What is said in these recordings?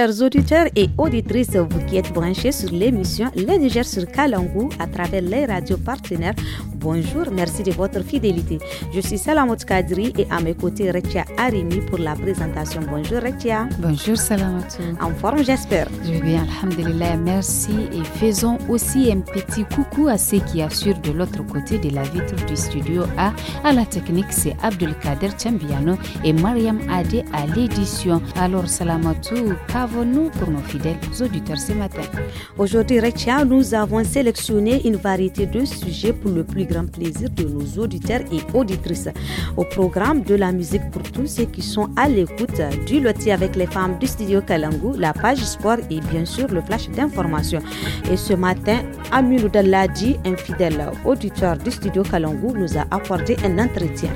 chers auditeurs et auditrices, vous qui êtes branchés sur l'émission Le Niger sur Kalangou à travers les radios partenaires, Bonjour, merci de votre fidélité. Je suis Salamot Kadri et à mes côtés Retia Arimi pour la présentation. Bonjour Rechia. Bonjour Salamot. En forme j'espère. Je vais bien, alhamdulillah, merci. Et faisons aussi un petit coucou à ceux qui assurent de l'autre côté de la vitre du studio A. À la technique, c'est Abdelkader Chambiano et Mariam Adé à l'édition. Alors Salamot, qu'avons-nous pour nos fidèles auditeurs ce matin Aujourd'hui Rechia, nous avons sélectionné une variété de sujets pour le plus grand plaisir de nos auditeurs et auditrices. Au programme de la musique pour tous ceux qui sont à l'écoute du loti avec les femmes du studio Kalangu, la page sport et bien sûr le flash d'information. Et ce matin, Aminu Dalladi, un fidèle auditeur du studio Kalangu, nous a apporté un entretien.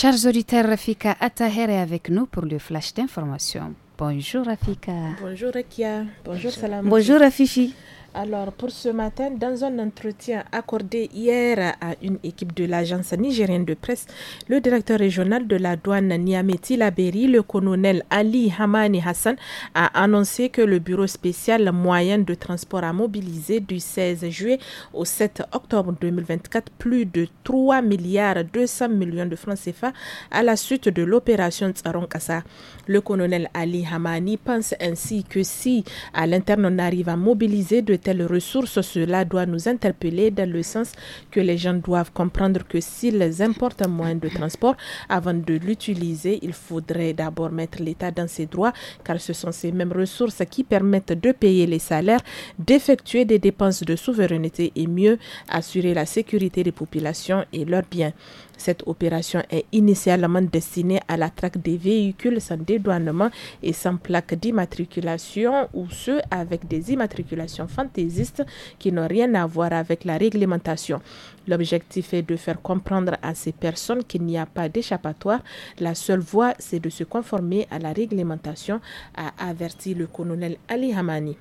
Chers auditeurs, Rafika Atahere est avec nous pour le flash d'information. Bonjour Afika. Bonjour Akia. Bonjour, Salam. Bonjour Afichi alors, pour ce matin, dans un entretien accordé hier à une équipe de l'agence nigérienne de presse, le directeur régional de la douane Niameti Laberi, le colonel Ali Hamani Hassan, a annoncé que le bureau spécial moyen de transport a mobilisé du 16 juillet au 7 octobre 2024 plus de 3 milliards 200 millions de francs CFA à la suite de l'opération Tsaronkasa. Le colonel Ali Hamani pense ainsi que si à l'interne on arrive à mobiliser de ressources, cela doit nous interpeller dans le sens que les gens doivent comprendre que s'ils importent un moyen de transport, avant de l'utiliser, il faudrait d'abord mettre l'État dans ses droits, car ce sont ces mêmes ressources qui permettent de payer les salaires, d'effectuer des dépenses de souveraineté et mieux assurer la sécurité des populations et leurs biens. Cette opération est initialement destinée à la traque des véhicules sans dédouanement et sans plaque d'immatriculation ou ceux avec des immatriculations fantaisistes qui n'ont rien à voir avec la réglementation. L'objectif est de faire comprendre à ces personnes qu'il n'y a pas d'échappatoire. La seule voie, c'est de se conformer à la réglementation, a averti le colonel Ali Hamani.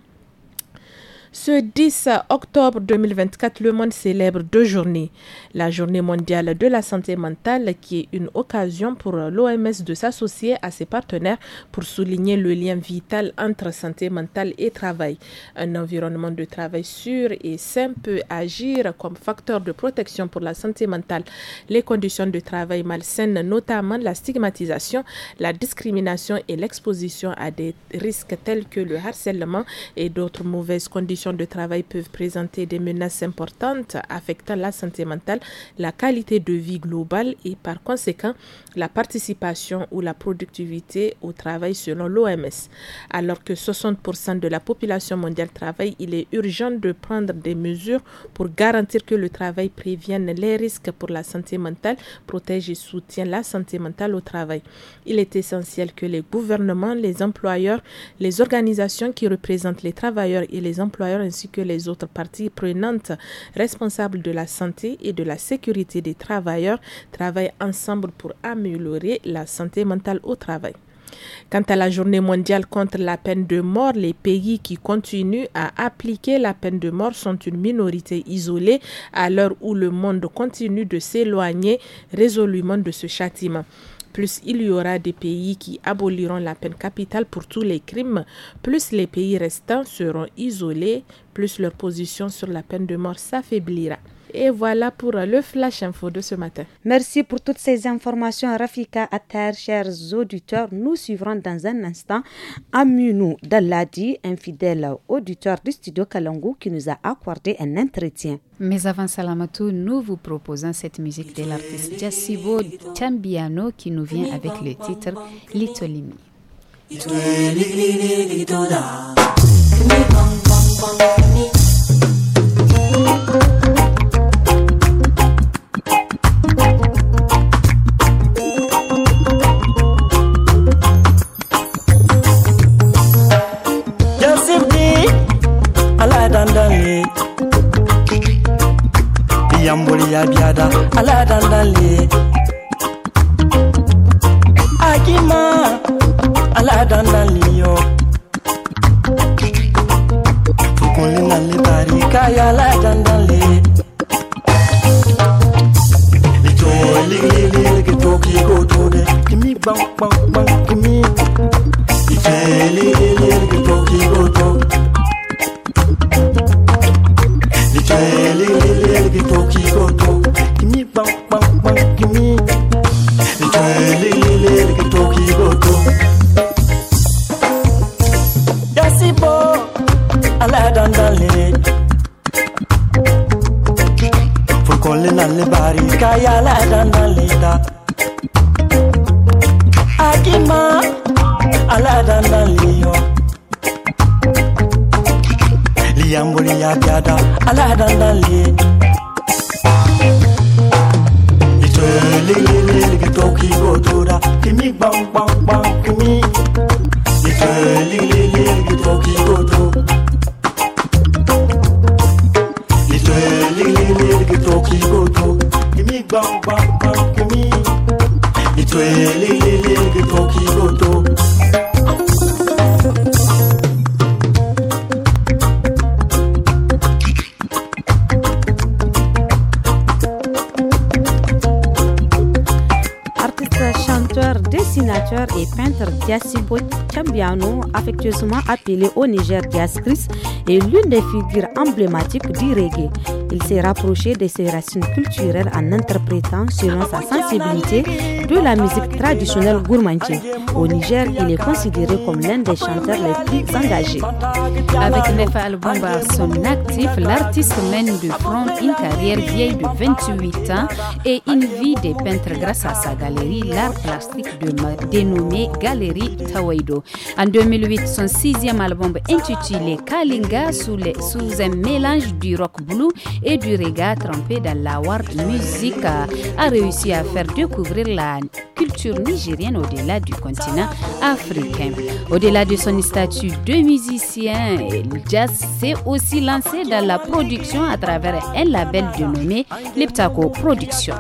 Ce 10 octobre 2024, le monde célèbre deux journées. La journée mondiale de la santé mentale qui est une occasion pour l'OMS de s'associer à ses partenaires pour souligner le lien vital entre santé mentale et travail. Un environnement de travail sûr et sain peut agir comme facteur de protection pour la santé mentale. Les conditions de travail malsaines, notamment la stigmatisation, la discrimination et l'exposition à des risques tels que le harcèlement et d'autres mauvaises conditions de travail peuvent présenter des menaces importantes affectant la santé mentale, la qualité de vie globale et par conséquent la participation ou la productivité au travail selon l'OMS. Alors que 60% de la population mondiale travaille, il est urgent de prendre des mesures pour garantir que le travail prévienne les risques pour la santé mentale, protège et soutient la santé mentale au travail. Il est essentiel que les gouvernements, les employeurs, les organisations qui représentent les travailleurs et les employeurs ainsi que les autres parties prenantes responsables de la santé et de la sécurité des travailleurs travaillent ensemble pour améliorer la santé mentale au travail. Quant à la journée mondiale contre la peine de mort, les pays qui continuent à appliquer la peine de mort sont une minorité isolée à l'heure où le monde continue de s'éloigner résolument de ce châtiment. Plus il y aura des pays qui aboliront la peine capitale pour tous les crimes, plus les pays restants seront isolés, plus leur position sur la peine de mort s'affaiblira. Et voilà pour le Flash Info de ce matin. Merci pour toutes ces informations, Rafika Atter, chers auditeurs. Nous suivrons dans un instant Aminou Dalladi, un fidèle auditeur du studio Kalangou qui nous a accordé un entretien. Mais avant Salamatou, nous vous proposons cette musique de l'artiste Jassibo Chambiano qui nous vient avec le titre Litolimi. yambuli ya biada aladandale akima aladandale yo tukuli nale barika ya aladandale litolilililigi tokigotode kimi gbangbangbang kimi itelilililigi tokigoto bump, bump. appelé au Niger diastrice est l'une des figures emblématiques du reggae. Il s'est rapproché de ses racines culturelles en interprétant, selon sa sensibilité, de la musique traditionnelle gourmandienne. Au Niger, il est considéré comme l'un des chanteurs les plus engagés. Avec neuf albums à bah, son actif, l'artiste mène de front une carrière vieille de 28 ans et une vie de peintre grâce à sa galerie L'Art plastique de, dénommée Galerie Tawaido. En 2008, son sixième album intitulé Kalinga sous, un mélange du rock blue et du reggae trempé dans la world music euh, a réussi à faire découvrir la culture nigérienne au-delà du continent africain. Au-delà de son statut de musicien, le Jazz s'est aussi lancé dans la production à travers un label dénommé Liptako Production.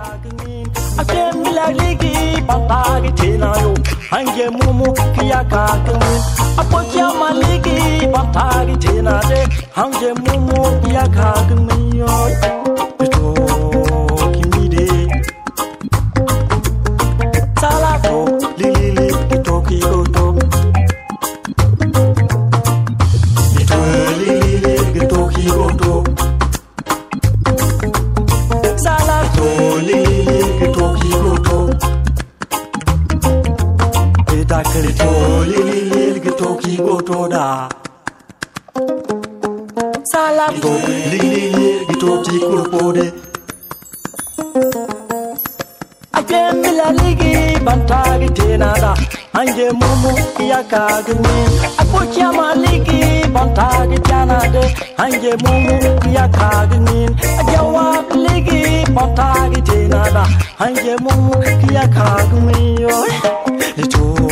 Ange mumu ya kagni Apocha maliki bontagi janade Ange mumu ya kagni Ajawa ligi bontagi jinada Ange mumu ya kagni Yo,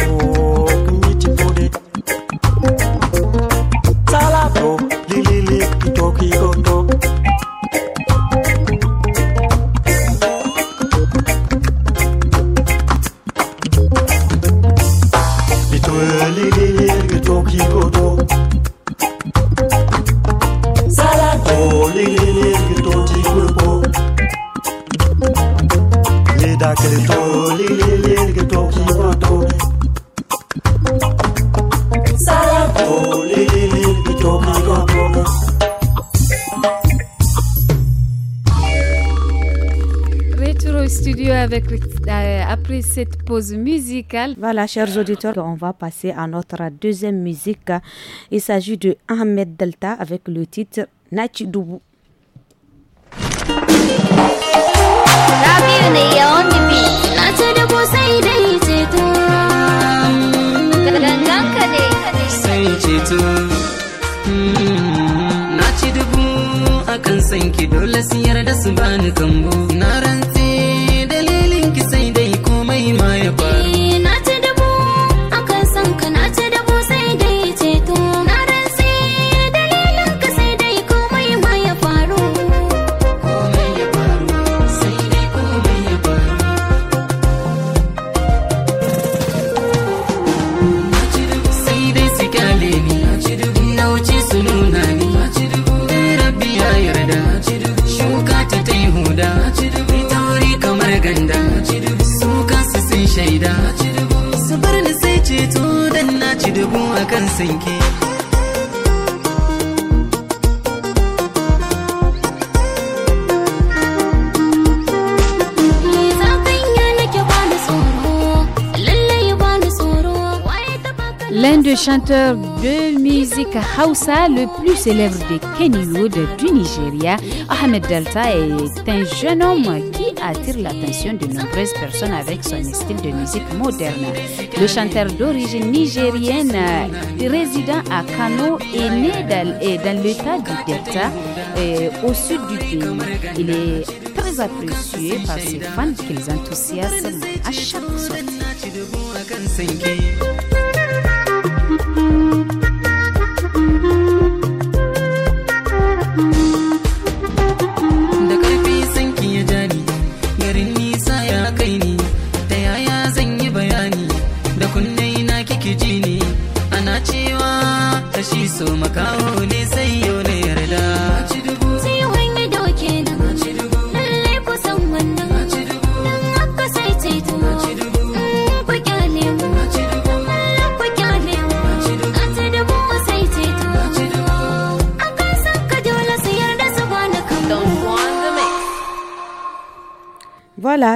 Euh, après cette pause musicale. Voilà, chers auditeurs, on va passer à notre deuxième musique. Il s'agit de Ahmed Delta avec le titre Nachi L'un des chanteurs de musique Hausa le plus célèbre des Kennywood du Nigeria, Ahmed Delta, est un jeune homme qui attire l'attention de nombreuses personnes avec son style de musique moderne. Le chanteur d'origine nigérienne euh, résident à Kano est né dans, l'état du Delta euh, au sud du pays. Il est très apprécié par ses fans qu'ils enthousiasment à chaque fois.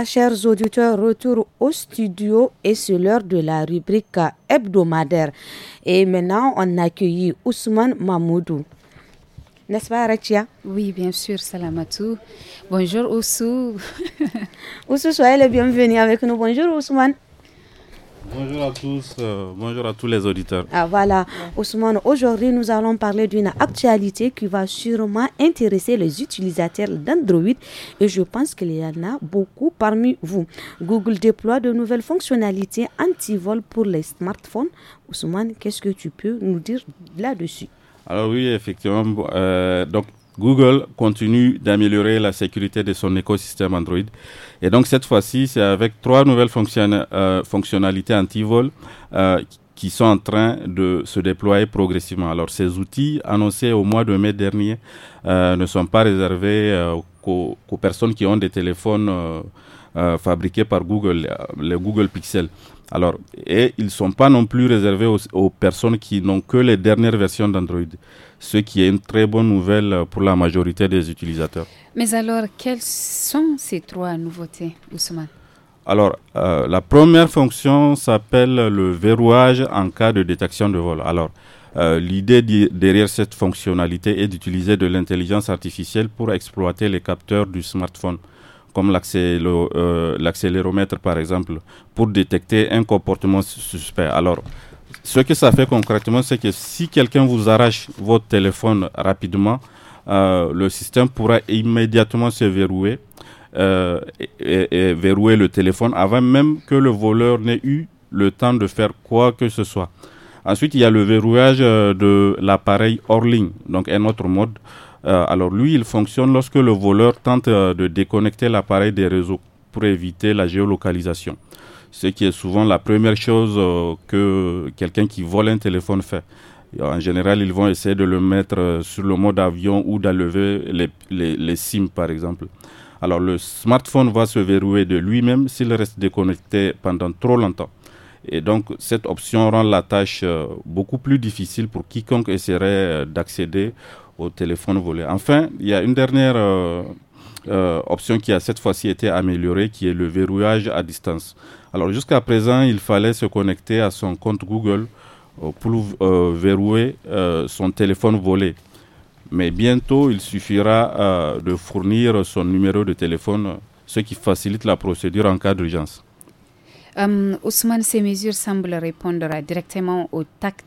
chers auditeurs, retour au studio et c'est l'heure de la rubrique hebdomadaire. Et maintenant, on accueille Ousmane Mamoudou. N'est-ce pas, Rachia Oui, bien sûr, Salamatou. Bonjour, Ousou. Ousou, soyez le bienvenu avec nous. Bonjour, Ousmane. Bonjour à tous, euh, bonjour à tous les auditeurs. Ah, voilà, Ousmane, aujourd'hui nous allons parler d'une actualité qui va sûrement intéresser les utilisateurs d'Android et je pense qu'il y en a beaucoup parmi vous. Google déploie de nouvelles fonctionnalités anti-vol pour les smartphones. Ousmane, qu'est-ce que tu peux nous dire là-dessus alors oui, effectivement. Euh, donc Google continue d'améliorer la sécurité de son écosystème Android. Et donc cette fois-ci, c'est avec trois nouvelles euh, fonctionnalités anti-vol euh, qui sont en train de se déployer progressivement. Alors ces outils annoncés au mois de mai dernier euh, ne sont pas réservés aux personnes qui ont des téléphones fabriqués par Google, les Google Pixel. Alors, et ils ne sont pas non plus réservés aux personnes qui n'ont que les dernières versions d'Android ce qui est une très bonne nouvelle pour la majorité des utilisateurs. Mais alors, quelles sont ces trois nouveautés, Ousmane alors, euh, la première fonction s'appelle le verrouage en cas de détection de vol. Alors, euh, l'idée derrière cette fonctionnalité est d'utiliser de l'intelligence artificielle pour exploiter les capteurs du smartphone, comme euh, l'accéléromètre par exemple, pour détecter un comportement suspect. Alors, ce que ça fait concrètement, c'est que si quelqu'un vous arrache votre téléphone rapidement, euh, le système pourra immédiatement se verrouiller euh, et, verrouiller le téléphone avant même que le voleur n'ait eu le temps de faire quoi que ce soit. Ensuite, il y a le verrouillage euh, de l'appareil hors ligne, donc un autre mode. alors lui, il fonctionne lorsque le voleur tente de déconnecter l'appareil des réseaux pour éviter la géolocalisation ce qui est souvent la première chose euh, que quelqu'un qui vole un téléphone fait. En général, ils vont essayer de le mettre euh, sur le mode avion ou d'enlever les, les, les SIM, par exemple. Alors, le smartphone va se verrouiller de lui-même s'il reste déconnecté pendant trop longtemps. Et donc, cette option rend la tâche euh, beaucoup plus difficile pour quiconque essaierait d'accéder au téléphone volé. Enfin, il y a une dernière euh, option qui a cette fois-ci été améliorée, qui est le verrouillage à distance. Alors jusqu'à présent, il fallait se connecter à son compte Google euh, pour euh, verrouiller euh, son téléphone volé. Mais bientôt, il suffira de fournir son numéro de téléphone, ce qui facilite la procédure en cas d'urgence. Ousmane, ces mesures semblent répondre directement au tact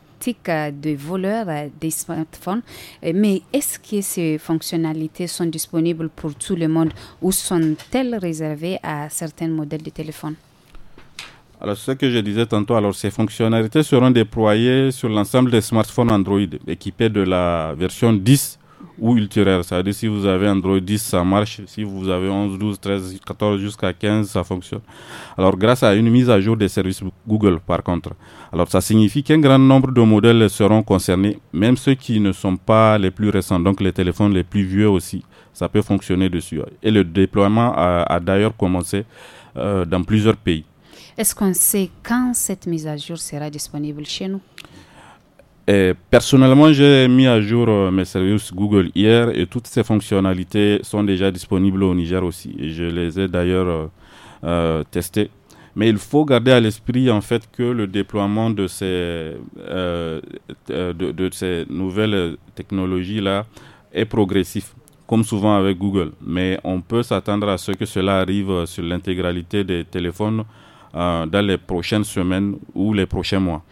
euh, de voleurs euh, des smartphones. Euh, mais est-ce que ces fonctionnalités sont disponibles pour tout le monde ou sont-elles réservées à certains modèles de téléphone alors, ce que je disais tantôt, alors ces fonctionnalités seront déployées sur l'ensemble des smartphones Android équipés de la version 10 ou ultérieure. C'est-à-dire si vous avez Android 10, ça marche. Si vous avez 11, 12, 13, 14 jusqu'à 15, ça fonctionne. Alors grâce à une mise à jour des services Google, par contre. Alors ça signifie qu'un grand nombre de modèles seront concernés, même ceux qui ne sont pas les plus récents, donc les téléphones les plus vieux aussi. Ça peut fonctionner dessus. Et le déploiement a, d'ailleurs commencé euh, dans plusieurs pays. Est-ce qu'on sait quand cette mise à jour sera disponible chez nous personnellement, j'ai mis à jour euh, mes services Google hier et toutes ces fonctionnalités sont déjà disponibles au Niger aussi. Et je les ai d'ailleurs euh, euh, testées. Mais il faut garder à l'esprit en fait que le déploiement de ces, de, ces nouvelles technologies-là est progressif, comme souvent avec Google. Mais on peut s'attendre à ce que cela arrive sur l'intégralité des téléphones dans les prochaines semaines ou les prochains mois.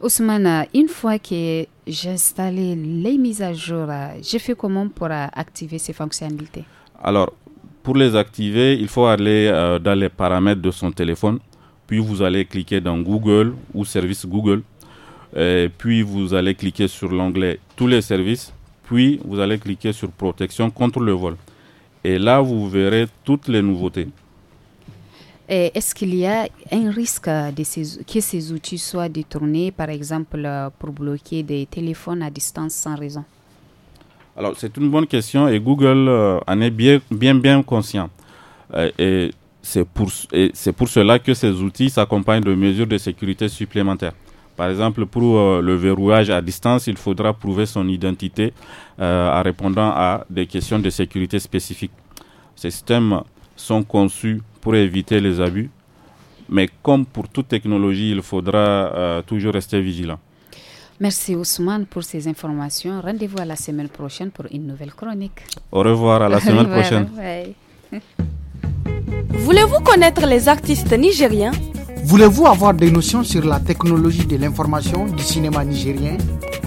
Ousmane, une fois que j'ai installé les mises à jour, euh, j'ai fait comment pour euh, activer ces fonctionnalités Alors, pour les activer, il faut aller euh, dans les paramètres de son téléphone, puis vous allez cliquer dans Google ou service Google, puis vous allez cliquer sur l'onglet tous les services, puis vous allez cliquer sur protection contre le vol. Et là, vous verrez toutes les nouveautés. Est-ce qu'il y a un risque que ces outils soient détournés, par exemple, euh, pour bloquer des téléphones à distance sans raison Alors, c'est une bonne question et Google euh, en est bien, bien, bien conscient. Euh, et c'est pour, pour, cela que ces outils s'accompagnent de mesures de sécurité supplémentaires. Par exemple, pour le verrouillage à distance, il faudra prouver son identité en répondant à des questions de sécurité spécifiques. Ces système sont conçus pour éviter les abus. Mais comme pour toute technologie, il faudra euh, toujours rester vigilant. Merci Ousmane pour ces informations. Rendez-vous à la semaine prochaine pour une nouvelle chronique. Au revoir, à la semaine prochaine. Voulez-vous connaître les artistes nigériens Voulez-vous avoir des notions sur la technologie de l'information du cinéma nigérien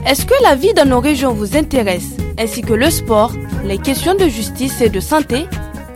Est-ce que la vie dans nos régions vous intéresse, ainsi que le sport, les questions de justice et de santé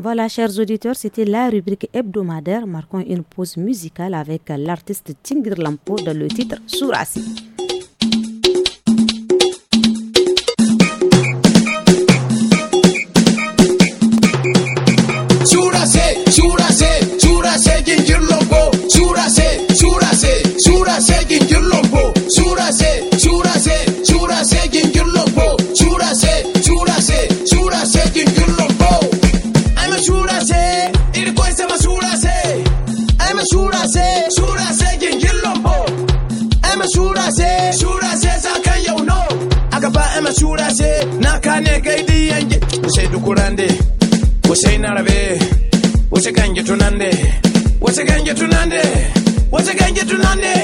Voilà, chers auditeurs, c'était la rubrique hebdomadaire marquant une pause musicale avec l'artiste Tingir Lampo dans le titre Sourassi. tukulande useinalabe usiganje tunande usiganje tunande usiganje tunande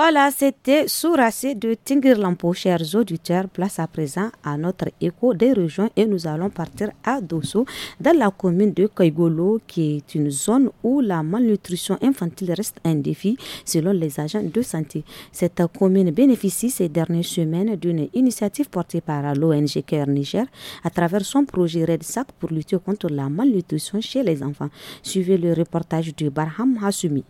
Voilà, c'était Sourassé de Tingirlampo. Chers auditeurs, place à présent à notre écho des régions et nous allons partir à Dosso, dans la commune de Kaigolo, qui est une zone où la malnutrition infantile reste un défi selon les agents de santé. Cette commune bénéficie ces dernières semaines d'une initiative portée par l'ONG Cœur Niger à travers son projet Red Sac pour lutter contre la malnutrition chez les enfants. Suivez le reportage de Barham Hassoumi.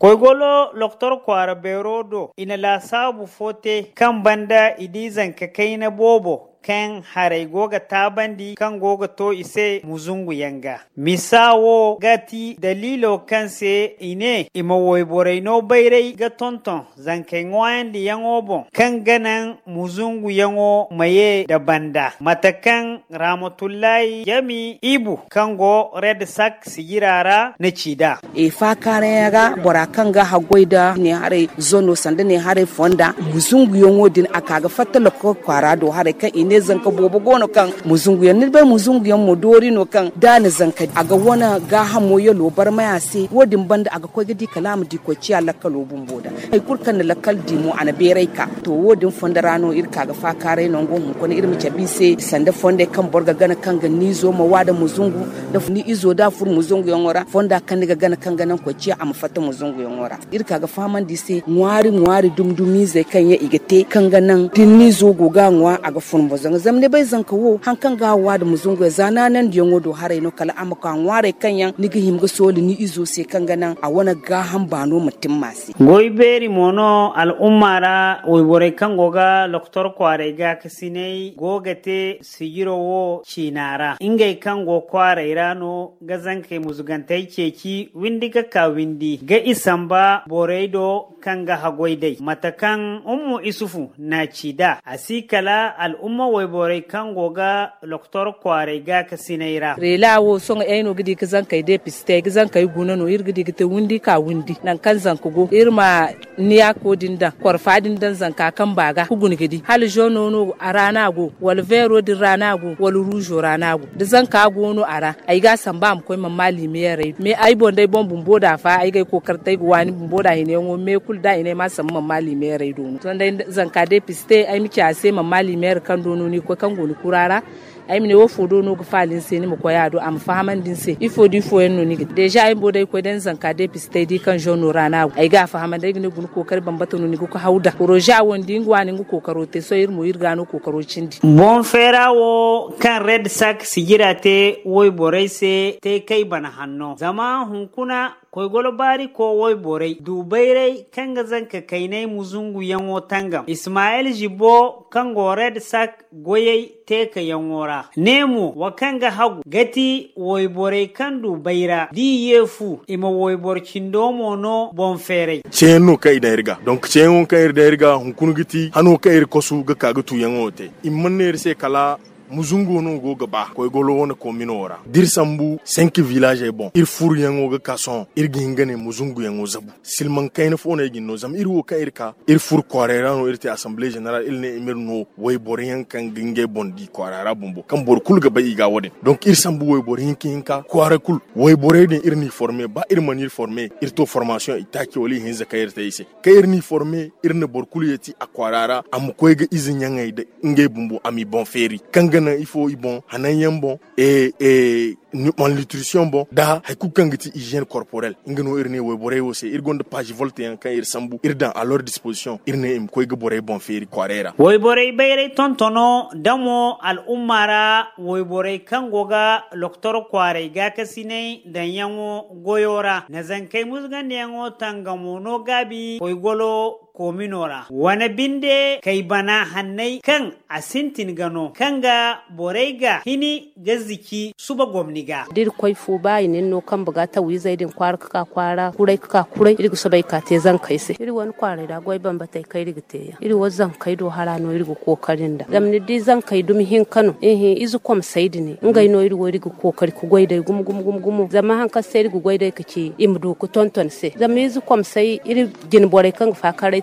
koygolo loktor kwara berodo ina la sabu fote kan banda idizan ka na bobo kan harai goga tabandi kan goga to ise muzungu yanga misawo gati dalilo kan se ine ima waibore no bayrei ga tonton zanke ngwayan di yango kan ganan muzungu yango maye da banda matakan ramotulai jami ibu kango red sack sigirara na cida e fa kare yaga bora kanga hagoida ne hare zono sanda ne hare fonda muzungu yango din akaga fatalo kwa rado harai ka kan ne zanka bobo gono kan muzungu yan nibe muzungu yan modori no kan da ni zanka aga wana ga hamo yo lobar maya se wodin banda aga ko gidi kalamu di ko ciya lakal obun boda ai kurkan na lakal di mu ana berai ka to wodin fondarano irka ga fa kare non go mu kono irmi cabi se sanda fonde kan borga gana kan ga nizo ma wada muzungu da ni izo da fur muzungu yan wora fonda kan ga gana kan nan ko ciya am fata muzungu yan wora irka ga faman di se ngwari ngwari dumdumi zai kan ya igate kan din nizo go ga ngwa aga fur zam ne bai zanka wo hankan ga da muzungu zana nan yango do hare no kala amma kan ware ni ga himga soli ni izo se ga nan a wana ga han no mutum masi goy beri mono al ummara oi bore ga doktor kware ga kasine gogate sigiro wo chinara kan go kware irano ga zanke muzugantai ki windi ga ka windi ga ba bore do kan hagoi dai. matakan ummu isufu na cida asikala al umma woybooray kan ga loktor kware ga ka sinayra relawo soŋo ayno gidi ka zankay de piste ka guna no ir gidi ka wundi ka wundi nan kan zan go ir ma niya ko dindan korfa dindan zanka kan baga ku gun gidi hal jono no arana go wal vero din rana go wal rujo rana go da zanka go no ara ai ga ba mu koi mamali me yare me ai dai bon bumbo da fa ai ga ko kartai wani bumbo da hine ngo me kul da hine ma san mamali me yare do ton dai zanka de piste ai miki ase mamali me yare kan do unoni kwekangoni kurara aimine wofodo unogu falin seni mokwa yado amfahaman dinse ifodo ifoye noni deja aimboda ikweden zanka de pistedi kan jono rana aiga afahaman daigine gunu kokari bambata noni guko hauda kuroja awondi ingwani ngu kokaro te so irmo irgano kokaro chindi bonfera wo kan red sak sigira te woi boreise te kai bana hanno zaman hunkuna koygolo bari kowoy borey duubayrey kanga zanka kainai muzungu yango tangam ismail jibo kango red sak goyey teka yanwora nemo wa kanga hagu gati borei kan dubaira di yefu ima woybor cindomono bonferey ceenu ka idayirga donc ceenwo ka irdayirga hunkunu giti hanu kai kosu ga kaga tuyanwote immanneer se kala muzungu no go gaba ko golo wona ko minora dir sambu 5 village bon Il fur yango ga kason ir gingane muzungu yango zabu silman kayne fo na ginno zam ir wo kayir il fur korera no irti assemblée générale il ne imir no way boriyan kan ginge bondi korara bumbo kan bor kul gaba iga donc ir sambu way boriyan kinka kwara kul way bore de irni formé ba ir manir formé Il to formation itaki oli hinza kayir ici. Kairni formé irne bor kul yeti akwarara am koyga izin yanga ide nge bumbo ami bon feri kan kana ifo ibon hanayen bon e e malnutrition bon da haiku kangiti hygiène corporelle ingeno irne we bore wo se irgonde page volte en kan ir sambu irdan à leur disposition irne im koy bore bon feri kwarera we bore bayre tontono damo al umara we bore kangoga docteur kware ga kasine dan goyora na zankai musgan yango no gabi koy golo kominora minora wana binde kai bana hannai kan asintin gano kan ga borai ga hini ga ziki suba gwamni ga dir koi fu bayi nin no kan buga ta wi din kwara ka kwara kurai ka kurai irgu subai ka te zan kai sai. iri wani kwara da goi ban batai kai irgu te ya iri zan kai do hara no irgu kokarin da zamni di zan kai dumi hin kano ehe izu kom saidi ne ngai no wani irgu kokari ku goi dai gum gum gum gum zama hanka sai irgu goi dai kace imdu ku tonton se zamni izu kwam sai iri gin borai kan fa karai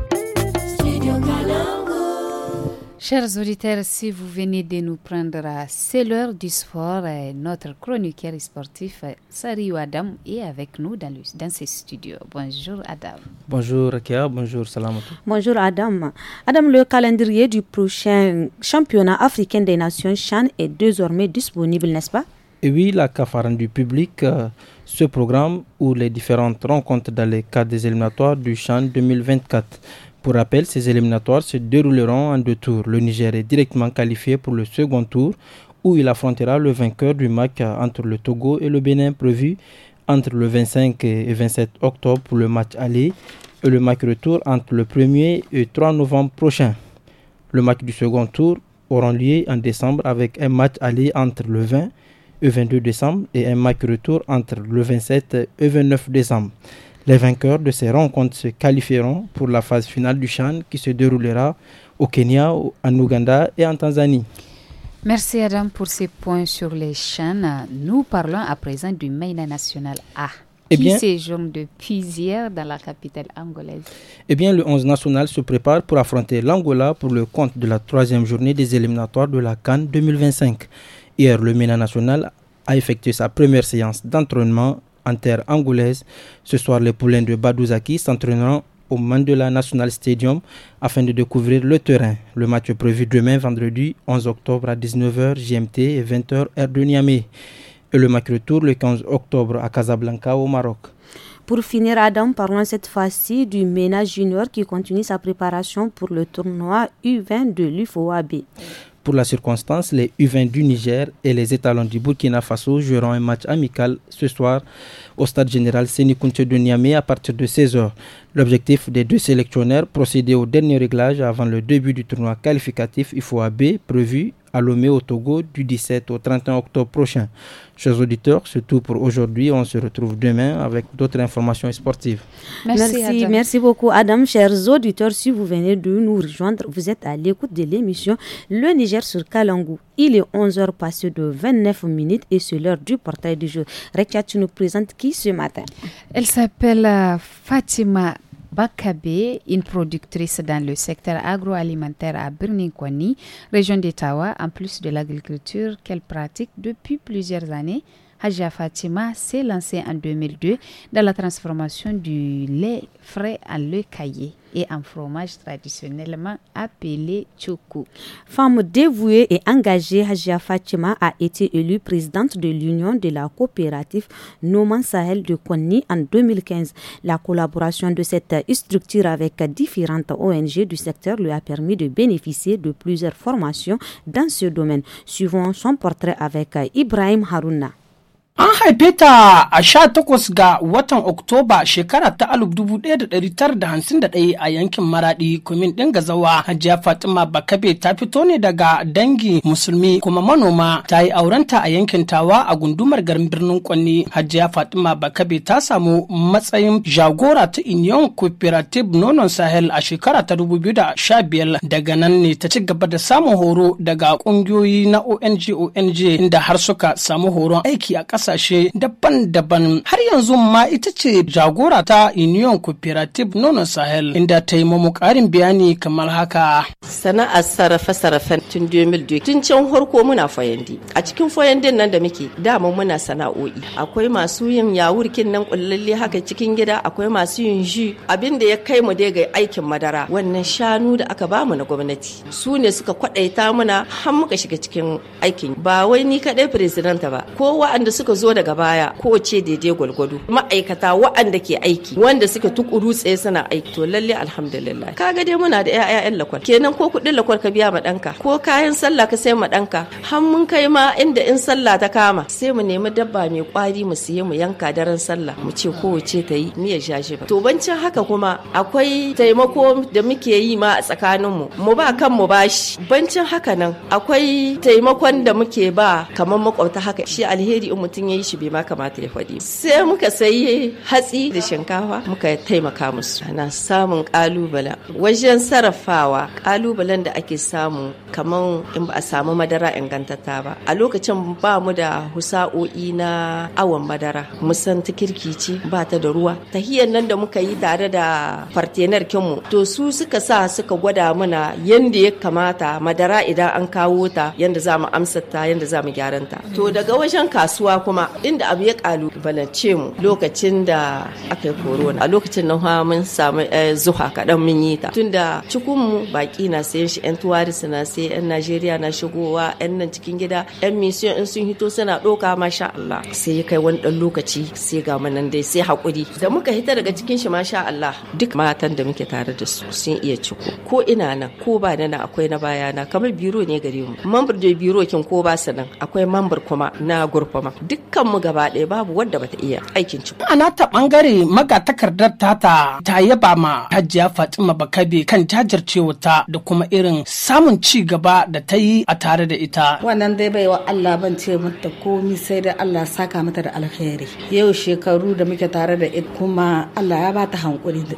Chers auditeurs, si vous venez de nous prendre, c'est l'heure du sport. Notre chroniqueur sportif, Sariou Adam, est avec nous dans, ses studios. Bonjour Adam. Bonjour Rakia, bonjour Salamatou. Bonjour Adam. Adam, le calendrier du prochain championnat africain des nations CHAN est désormais disponible, n'est-ce pas oui, la CAF a rendu public euh, ce programme où les différentes rencontres dans les cadres des éliminatoires du CHAN 2024. Pour rappel, ces éliminatoires se dérouleront en deux tours. Le Niger est directement qualifié pour le second tour où il affrontera le vainqueur du match entre le Togo et le Bénin prévu entre le 25 et 27 octobre pour le match aller et le match retour entre le 1er et 3 novembre prochain. Le match du second tour aura lieu en décembre avec un match aller entre le 20 et 22 décembre et un match retour entre le 27 et 29 décembre. Les vainqueurs de ces rencontres se qualifieront pour la phase finale du Chan qui se déroulera au Kenya, en Ouganda et en Tanzanie. Merci Adam pour ces points sur les CHAN. Nous parlons à présent du Maina National A. Eh qui séjourne depuis hier dans la capitale angolaise. Eh bien, le 11 national se prépare pour affronter l'Angola pour le compte de la troisième journée des éliminatoires de la Cannes 2025. Hier, le MENA national a effectué sa première séance d'entraînement en terre angolaise. Ce soir, les poulains de Badouzaki s'entraîneront au Mandela National Stadium afin de découvrir le terrain. Le match est prévu demain, vendredi 11 octobre à 19h GMT et 20h heure de Niamey. Et le match retour le 15 octobre à Casablanca au Maroc. Pour finir, Adam, parlons cette fois-ci du ménage junior qui continue sa préparation pour le tournoi U20 de l'UFOAB. Pour la circonstance, les U20 du Niger et les étalons du Burkina Faso joueront un match amical ce soir au stade général Sénikounte de Niamey à partir de 16h. L'objectif des deux sélectionneurs, procéder au dernier réglage avant le début du tournoi qualificatif B prévu à Lomé au Togo du 17 au 31 octobre prochain. Chers auditeurs, c'est tout pour aujourd'hui. On se retrouve demain avec d'autres informations sportives. Merci, merci, beaucoup Adam. Chers auditeurs, si vous venez de nous rejoindre, vous êtes à l'écoute de l'émission Le Niger sur Kalangou. Il est 11h passé de 29 minutes et c'est l'heure du portail du jour. Rekia, tu nous présentes qui ce matin Elle s'appelle euh, Fatima Bakabe, une productrice dans le secteur agroalimentaire à Birninkwani, région d'Etawa, en plus de l'agriculture qu'elle pratique depuis plusieurs années. Hajia Fatima s'est lancée en 2002 dans la transformation du lait frais en lait caillé et en fromage traditionnellement appelé choukou. Femme dévouée et engagée, Hajia Fatima a été élue présidente de l'Union de la coopérative Noman Sahel de Konni en 2015. La collaboration de cette structure avec différentes ONG du secteur lui a permis de bénéficier de plusieurs formations dans ce domaine. Suivant son portrait avec Ibrahim Harouna. An haife ta a sha takwas ga watan Oktoba shekara ta ɗaya a yankin Maradi kumin ɗin gazawa Hajiya Fatima Bakabe ta fito ne daga dangi musulmi kuma manoma ta yi aurenta a yankin Tawa a gundumar garin birnin Kwanni Hajiya Fatima Bakabe ta samu matsayin jagora ta Union Cooperative Nonon Sahel a shekara ta biyar daga nan ne ta ci gaba da samun horo daga ƙungiyoyi na ONG ONG inda har suka samu horon aiki a ƙasa kasashe daban-daban har yanzu ma ita ce jagora ta Union Cooperative Nono Sahel inda ta yi mamu karin bayani kamar haka. sana'a sarrafe-sarrafen tun 2002 tun can harko muna fayandi. A cikin fayandin nan da muke dama muna sana'o'i. Akwai masu yin yawurkin nan kullalle haka cikin gida akwai masu yin ji abin da ya kai mu dai ga aikin madara wannan shanu da aka bamu na gwamnati su ne suka kwadaita muna har muka shiga cikin aikin ba wai ni kadai president ba ko wanda suka suka zo daga baya ko ce daidai gwalgwado ma'aikata wa'anda ke aiki wanda suka tukuru tsaye suna aiki to lalle alhamdulillah kaga dai muna da ƴan lakwal kenan ko kuɗin lakwal ka biya ma ɗanka ko kayan sallah ka sai ma ɗanka har mun kai ma inda in sallah ta kama sai mu nemi dabba mai kwari mu siye mu yanka daren sallah mu ce ko wace ta yi miya jashi ba to bancin haka kuma akwai taimako da muke yi ma a tsakaninmu mu ba kanmu bashi bancin haka nan akwai taimakon da muke ba kamar makwabta haka shi alheri in mutum sun yi shi bai ma kamata ya faɗi sai muka sayi hatsi da shinkafa muka taimaka musu ana samun kalubala wajen sarrafawa kalubalen da ake samu kamar in ba a samu madara ingantatta ba a lokacin ba mu da husa'o'i na awon madara musan ta kirki ce ba ta da ruwa tahiyar nan da muka yi tare da fartenar kinmu to su suka sa suka gwada mana yadda ya kamata madara idan an kawo ta yadda za mu amsa ta yadda za mu gyaranta to daga wajen kasuwa kuma inda abu ya kalu ce mu lokacin da aka yi korona a lokacin nan mun samu eh, zuha kaɗan mun yi ta tunda cikin mu baki na sayan shi yan tuwari suna sai yan najeriya na shigowa yan nan cikin gida yan misiyon in sun hito suna ɗoka masha Allah sai ya kai wani ɗan lokaci sai ga manan dai sai haƙuri da muka hita daga cikin shi masha Allah duk matan da muke tare da su sun iya ciko ko ina nan ko ba nan akwai na baya na. kamar biro ne gare mu mambar da biro kin ko ba sanan akwai mambar kuma na gurfama duk dukkanmu gaba ɗaya babu wadda bata iya aikin ci. Ana ta bangare magatakardar tata ta yaba ma Hajiya Fatima Bakabe kan jajircewa ta da kuma irin samun ci gaba da ta yi a tare da ita. Wannan dai wa Allah ban ce mata komi sai da Allah saka mata da alkhairi. Yau shekaru da muke tare da ita kuma Allah ya bata ta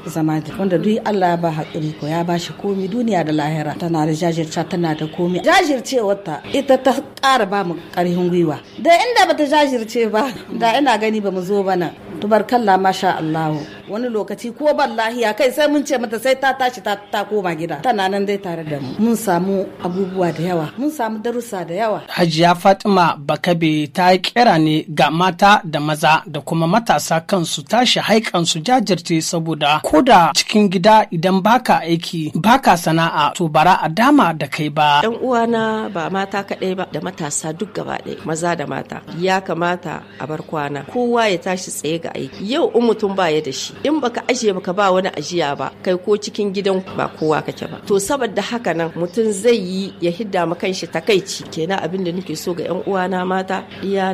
da zama wanda duk Allah ya ba hakuri ko ya ba shi komi duniya da lahira tana da jajirce tana da komi. Jajircewar ta ita ta ƙara ba mu ƙarfin gwiwa. Da inda bata jajirce jajirce ba da ina gani ba mu zo ba nan tubarkalla masha Allahu wani lokaci ko ban lahiya kai sai mun ce mata sai ta tashi ta ta koma gida tana nan dai tare da mu mun samu abubuwa da yawa mun samu darussa da yawa hajiya fatima bakabe ta kira ne ga mata da maza da kuma matasa kansu tashi haikan su jajirce saboda koda cikin gida idan baka aiki baka sana'a to bara a dama da kai ba yan uwana ba mata kaɗai ba da matasa duk gaba ɗaya maza da mata ya kamata a bar kwana kowa ya tashi tsaye ga aiki yau in mutum baya da shi in baka ajiye baka ba wani ajiya ba kai ko cikin gidan ba kowa kake ba to saboda haka nan mutum zai yi ya hidda ma kanshi takaici kenan abin da nake so ga yan uwana mata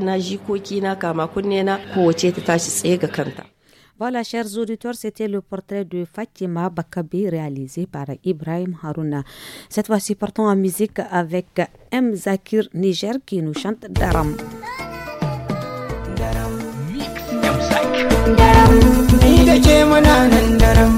na jikoki na kama kunne na kowace ta tashi tsaye ga kanta Voilà, chers auditeurs, c'était le portrait de Fatima Bakabi réalisé par Ibrahim haruna Cette fois-ci, partons en musique avec M. Zakir Niger qui nous chante Daram. Daram. Mix Daram. da ke muna nan daram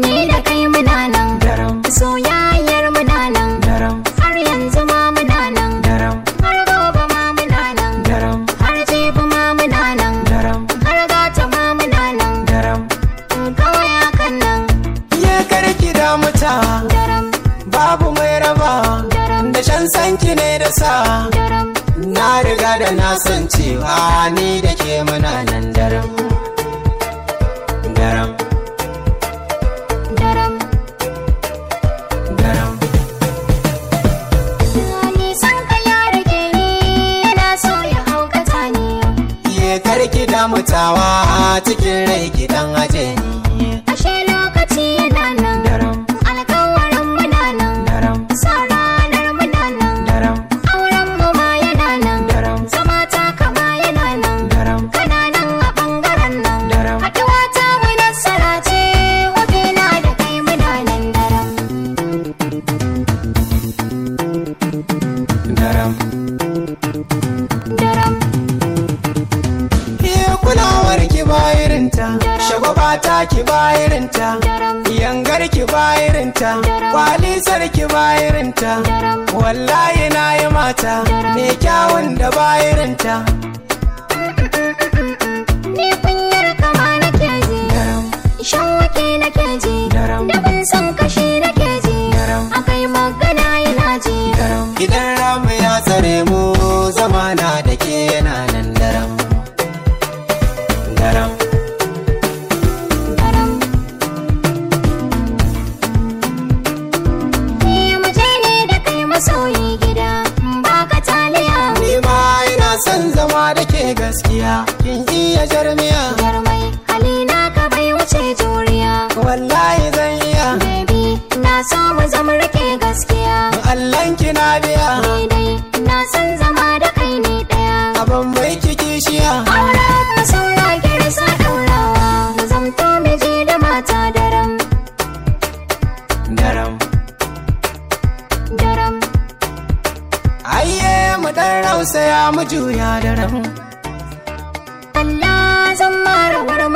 Ni da kai muna nan daram Soyayyar muna nan daram Har yanzu ma muna nan daram Har gobe ma muna nan daram Har jibi ma muna nan daram Har gata ma muna nan daram Ya hakan nan Ya karki damuta Babu mai raba Da shan sanki ne da sa Daram na riga da na san cewa ni da ke mana nan daram daram daram daram Karki damutawa cikin rai gidan aje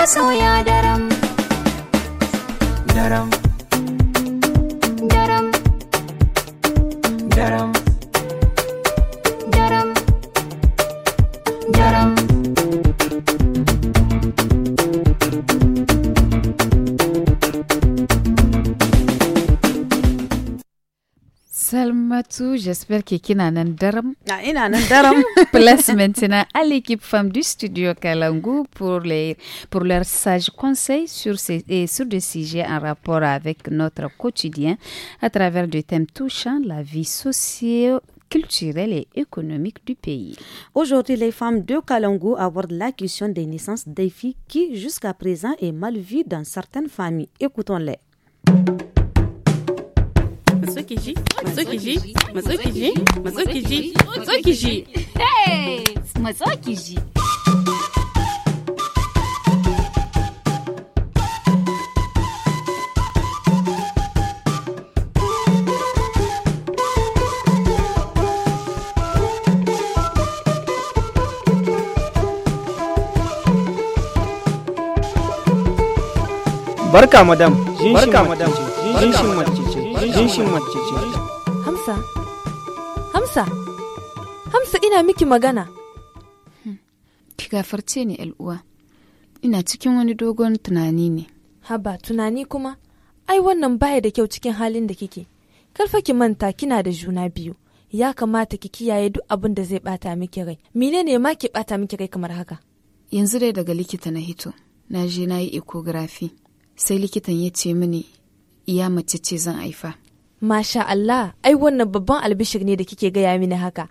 masoya daram daram J'espère que Kinanan ah, Place maintenant à l'équipe femme du studio Kalangu pour, pour leurs sages conseils sur, ces, et sur des sujets en rapport avec notre quotidien à travers des thèmes touchant la vie sociale culturelle et économique du pays. Aujourd'hui, les femmes de Kalongo abordent la question des naissances des filles qui, jusqu'à présent, est mal vue dans certaines familles. Écoutons-les. Matsukiji, Matsukiji, Matsukiji, Matsukiji, Matsukiji. Hey! Matsukiji. Barka madam, barka madam, jinshin madam. Ginshin mace ce. Hamsa, Hamsa, Hamsa ina miki magana. Hmm. Ki gafarce ni uwa. Ina cikin wani dogon tunani ne. Haba, tunani kuma? Ai wannan baya da kyau cikin halin da kike. Karfa ki manta kina da juna biyu. Ya kamata ki kiyaye duk abin da zai bata miki rai. Menene ma ki bata miki rai kamar haka? Yanzu dai daga likita na hito. Na je na yi ecography. Sai likitan ya ce mini iya mace ce zan haifa. Masha Allah, ai wannan babban albishir ne da kike gaya mini haka,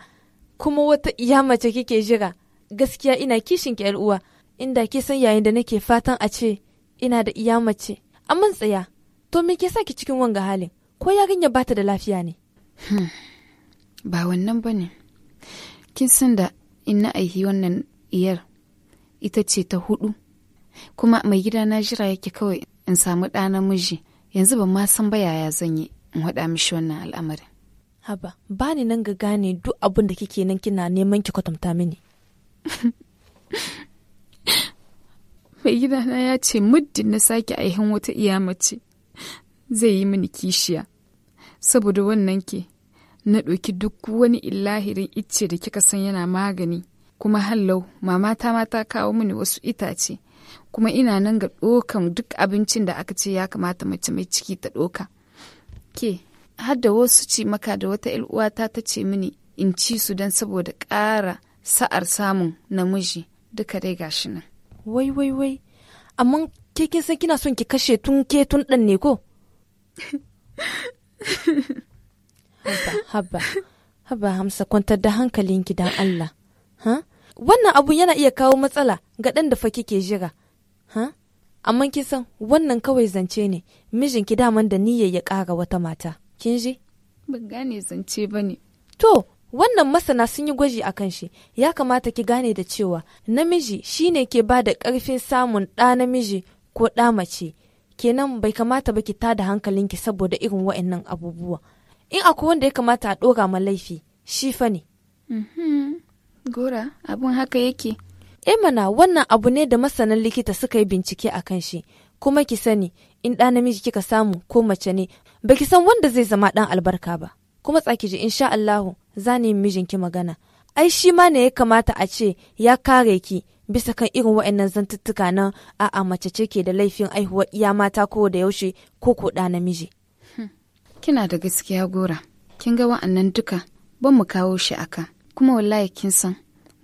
kuma wata iya mace kike jira, gaskiya ina kishin ki uwa inda ke san yayin da nake fatan a ce ina da iya mace. Amma tsaya, to me ke sa ki cikin wanga halin? Ko yarinya ba ta da lafiya ne? Hmm, ba wannan ba ne. Kin san da in aihi wannan iyar ita ce ta hudu, kuma mai gida na jira yake kawai in samu ɗa namiji yanzu ban ma san ba yaya zan yi in haɗa mishi wannan al'amarin. Haba, ba ni nan ga gane duk abin da kike nan kina neman ki kwatanta mini. Mai na ya ce muddin na sake aihin wata iya mace zai yi mini kishiya. Saboda wannan ke, na ɗauki duk wani illahirin icce da kika san yana magani, kuma hallau mamata ma ta kawo mini wasu itace. kuma ina nan ga ɗokan duk abincin da aka ce ya kamata mace mai ciki ta ɗoka ke har da wasu ci maka da wata uwata ta ce mini in ci su don saboda ƙara sa'ar samun namiji duka dai gashi nan wai wai wai amma ke kin san kina son ki kashe tun ke tun ɗan ne ko habba habba kwantar da hankalin gidan Allah wannan abun yana iya kawo matsala ga ɗan da fa kike jira ha amma kin san wannan kawai zance ne mijinki daman da niyyar ya ƙara wata mata kin ji ban gane zance ba ne to wannan masana sun yi gwaji a shi ya kamata ki gane da cewa namiji shi ne ke ba da ƙarfin samun ɗa namiji ko ɗa mace kenan bai kamata ba ki ta da hankalinki saboda irin wa'annan abubuwa in akwai wanda ya kamata a ɗora ma laifi shi fa ne. Mhm. gora abun haka yake E mana wannan abu ne da masanan likita suka yi bincike a kan shi, kuma ki sani in ɗa namiji kika samu ko mace ne, ba ki san wanda zai zama ɗan albarka ba. Kuma tsaki ji insha Allahu za ni mijinki magana. Ai shi ma ne ya kamata a ce ya kare ki bisa kan irin wa'annan zantuttuka nan a'a mace ce ke da laifin aihuwa iya mata ko da yaushe ko ko ɗa namiji. Hmm. Kina da gaskiya gora, kin ga wa'annan duka ban mu kawo shi aka, kuma wallahi kin san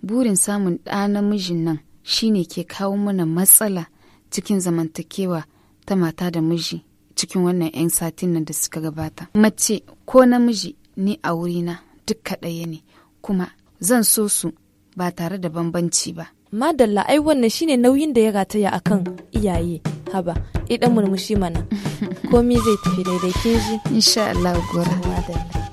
burin samun ɗa namijin nan shine ke kawo mana matsala cikin zamantakewa ta mata da miji cikin wannan 'yan satin nan da suka gabata mace ko namiji ni a wurina duk kaɗaya ne kuma zan so su ba tare da bambanci ba madalla ai wannan shine nauyin da ya rataya akan iyaye haba idan murmushi mana komi zai tafi daidai ke ji insha Allah gora madalla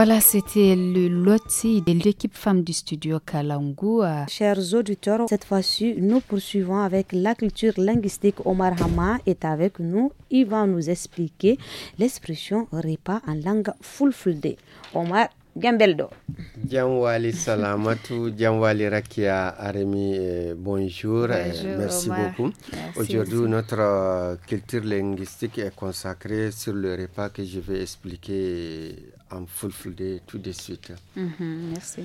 Voilà, c'était le loti de l'équipe femme du studio Kalangua. Chers auditeurs, cette fois-ci, nous poursuivons avec la culture linguistique. Omar Hama est avec nous. Il va nous expliquer l'expression repas en langue fulfulde. Omar, Gambeldo jam rakia eh, eh, bonjour, merci beaucoup aujourd'hui notre euh, culture linguistique est consacrée sur le repas que je vais expliquer en full tout de suite mhm, merci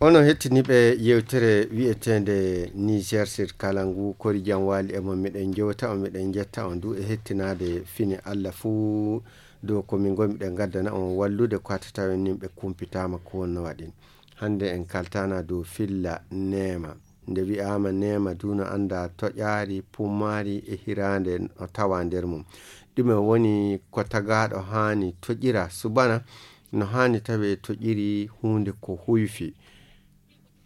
ono hettiniɓe yewtere wi'etede niger sud kala ngu kori jam wali emo miɗen jewta o miɗen jetta on du e hettinade fini allah fuu dow komin gon miɗen gaddana on wallude ko attatawenin ɓe kumpitama ko wonno waɗin hande en kaltana dow filla nema nde wi'ama nema du no anda toƴari pummari e hirande no tawa nder mum ɗume woni ko tagaɗo hani toƴira subana no hani tawi toƴiri hunde ko huyfi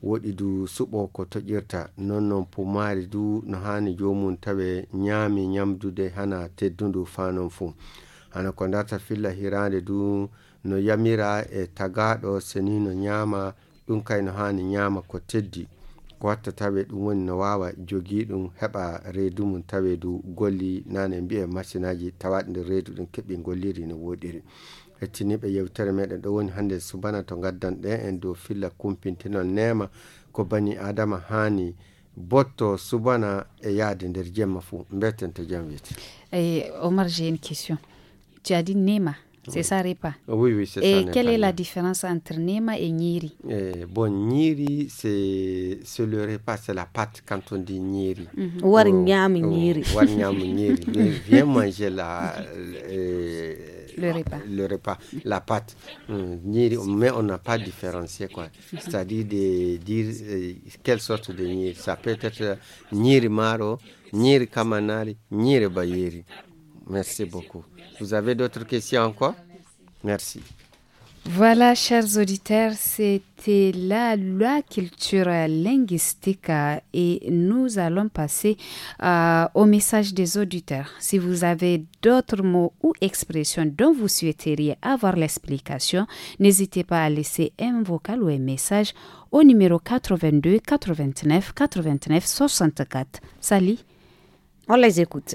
woɗi du suɓo ko toƴirta nonnon pumaari du no hani jomum tawe ñaami ñamdude hana teddudu fanon fuu hana ko darta filla hirande du no yamira e tagaɗo seni no ñaama ɗum kay no hani ñaama ko teddi ko watta tawe ɗum woni no wawa jogi ɗum heɓa reedu mum tawe du golli nane mbiye machine aji tawaɗe nder reedu ɗum keɓɓi golliri no woɗiri e tiniɓe yewtere meɗen ɗo woni hannde subana to gaddan gaddanɗe en dow filla kumpintinol nema ko bani adama hani botto subana e yaade nder jemma fuu mbeten to jam wiyete eyi eh, omar j'ai une question tu as dit nema c'est ça repas oui oui c'est ça et quelle est la différence entre nema et nyiri eh, bon nyiri c'est c'est le repas c'est la pâte quand on dit nyiri mhm. war nyam oh, oh, nyiri war nyam nyiri viens manger la euh, ah, le repas, la pâte. mais on n'a pas différencié. quoi. C'est-à-dire de dire euh, quelle sorte de nir. Ça peut être nier maro, nier kamanari, bayeri. Merci beaucoup. Vous avez d'autres questions encore Merci. Voilà, chers auditeurs, c'était la la culture linguistique et nous allons passer euh, au message des auditeurs. Si vous avez d'autres mots ou expressions dont vous souhaiteriez avoir l'explication, n'hésitez pas à laisser un vocal ou un message au numéro 82 89 89 64. Salut on les écoute.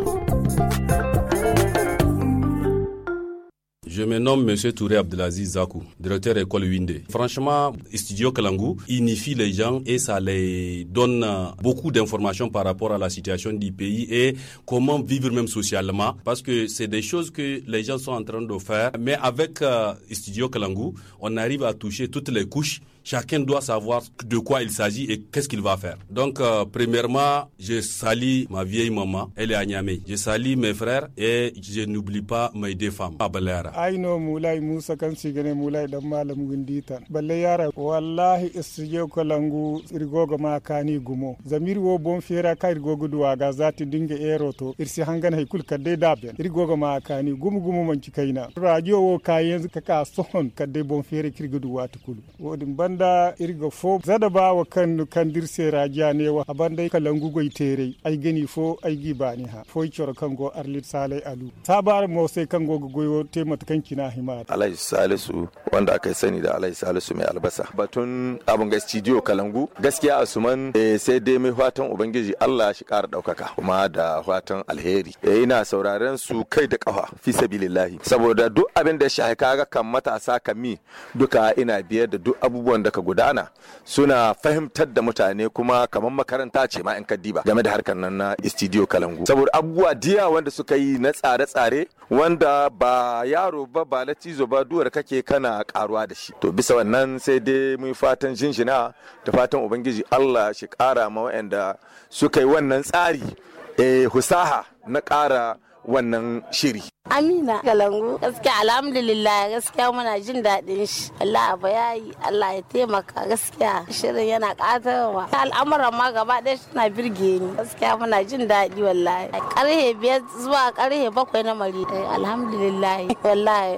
Je me nomme Monsieur Touré Abdelaziz Zakou, directeur école Windé. Franchement, Studio Kalangu unifie les gens et ça les donne beaucoup d'informations par rapport à la situation du pays et comment vivre même socialement parce que c'est des choses que les gens sont en train de faire. Mais avec euh, Studio Kalangu, on arrive à toucher toutes les couches chacun doit savoir de quoi il s'agit et qu'est-ce qu'il va faire. Donc, euh, premièrement, je salue ma vieille maman, elle est à Niamey. Je salue mes frères et je n'oublie pas mes deux femmes à ah, Balera. Aïno Moulay Moussa Kansigene Moulay Damal Mugindita. Balayara, Wallahi Istiyo Kolangu, Irgogo Makani Gumo. Zamir wo bon fiera ka Irgogo Duaga, Zati Dinge Eroto, Irsi Hangan Haikul Kade Dabian, Irgogo Makani, Gumu Gumu Manchikaina. Radio wo Kayen Kaka Sohon kadde Bon Fiera Kirgudu Watukulu. Wodimban banda irga fo zada ba wa kan dirse sera ne wa dai kalangu goy tere ai gani fo ay gibani ha fo kan kango arlit sale alu sabar mo sai kango goyo te matkan kina hima alai salisu wanda aka sani da alai salisu mai albasa batun abun ga studio kalangu gaskiya asuman eh, sai dai mai fatan ubangiji Allah shi kara daukaka kuma da fatan alheri eh, ina sauraren su kai da kafa fi sabilillahi saboda duk abin da shi kaga kan matasa kan mi duka ina biyar da duk abubuwan da ka gudana suna fahimtar da mutane kuma kamar makaranta ce ma in kaddi diba. game da harkar nan na studio kalangu saboda abubuwa diya wanda suka yi na tsare-tsare wanda ba yaro ba ba latizo ba duwar kake kana karuwa da shi to bisa wannan sai dai mun fatan jinjina da fatan ubangiji allah shi kara ma wa'anda suka yi wannan tsari eh husaha na kara wannan shiri. Amina Galangu gaskiya alhamdulillah gaskiya muna jin daɗin shi Allah abu yi, Allah ya taimaka gaskiya shirin yana ƙatarwa al'amuran ma gaba ɗaya suna birge ni gaskiya muna jin daɗi wallahi karhe biyar zuwa karhe bakwai na mari eh, alhamdulillah wallahi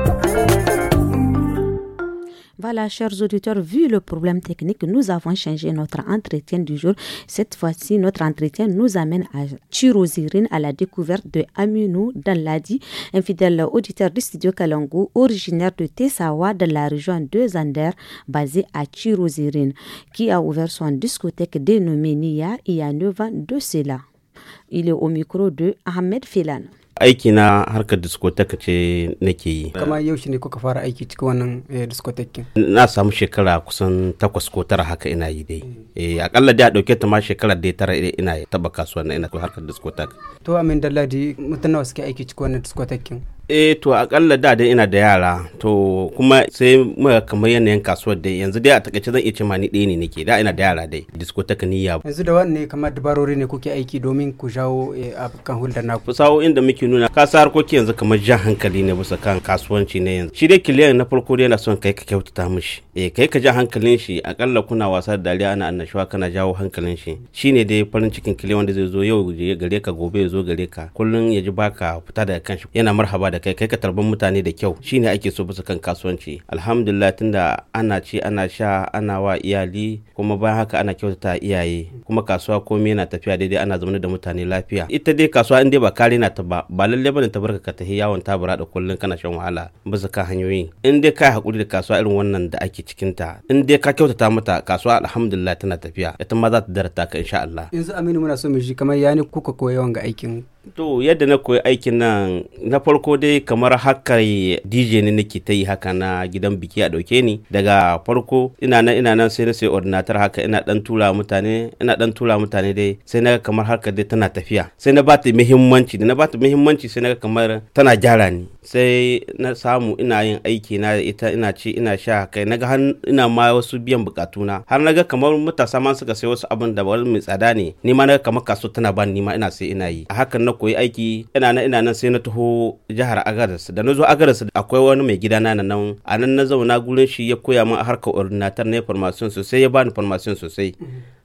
Voilà, chers auditeurs, vu le problème technique, nous avons changé notre entretien du jour. Cette fois-ci, notre entretien nous amène à Chirozirine, à la découverte de Aminou Danladi, un fidèle auditeur du studio Kalongo, originaire de Tessawa, dans la région de Zander, basée à Chirozirine, qui a ouvert son discothèque dénommée Nia il y a 9 ans de cela. Il est au micro de Ahmed Filan. aiki na harkar diskotak ce nake yi kamar yaushe ne kuka fara aiki cikin wannan eh, na samu shekara kusan takwas ko tara haka ina yi dai eh akalla da dauke ta ma shekara dai tara ina taba kasuwa ina harkar diskoteka to amin dalladi mutum nawa suke aiki cikin wannan diskotekin eh to akalla da dai ina da yara to kuma sai muka kamar yanayin kasuwar dai yanzu dai a takaice zan iya cewa ni ɗaya ne nake da ina da yara dai discotheque ni ya yanzu da wanne kamar dabarori ne kuke aiki domin ku jawo eh, kan hulɗar naku sawo inda muke nuna kasa harkoki yanzu kamar jan hankali ne bisa kan kasuwanci ne yanzu shi dai kiliyan na farko dai yana son kai ka kyautata mishi eh kai ka ja hankalin shi akalla kuna wasa da dariya ana annashuwa kana jawo hankalin shi ne dai farin cikin kiliyan wanda zai zo yau gare ka gobe ya zo gare ka kullun ya ji baka fita daga shi yana marhaba da kai kai ka tarban mutane da kyau shine ake so bisa kan kasuwanci alhamdulillah tunda ana ci ana sha ana wa iyali kuma bayan haka ana kyautata iyaye kuma kasuwa komai yana tafiya daidai ana zama da mutane lafiya ita dai kasuwa in dai ba kare na ta ba ba lalle bane ta barka ka tafi yawon tabura da kullun kana shan wahala bisa kan hanyoyi in dai ka hakuri da kasuwa irin wannan da ake cikin ta in dai ka kyautata mata kasuwa alhamdulillah tana tafiya ita ma za ta darata ka insha Allah yanzu Aminu muna so mu ji kamar yani kuka koya ga aikin To yadda na koyi aikin nan na farko dai kamar haka DJ ne nake ta yi haka na gidan biki a ɗauke ni daga farko ina nan ina nan sai na sai ordinator haka ina dan tura mutane ina dan tura mutane dai sai na kamar haka dai tana tafiya sai na bata muhimmanci da na bata muhimmanci sai na kamar tana gyara ni sai na samu ina yin aiki na ita ina ci ina sha kai naga har ina ma wasu biyan bukatuna har naga kamar matasa ma suka sai wasu abin da wani mai tsada ne ni ma naga kamar kaso tana bani ni ma ina sai ina yi a na. na koyi aiki ina nan ina nan sai na taho jihar agaras da na zo Agadas akwai wani mai gidana na nan a nan na zauna gurin shi ya koya min harkar ordinator na information sosai ya bani information sosai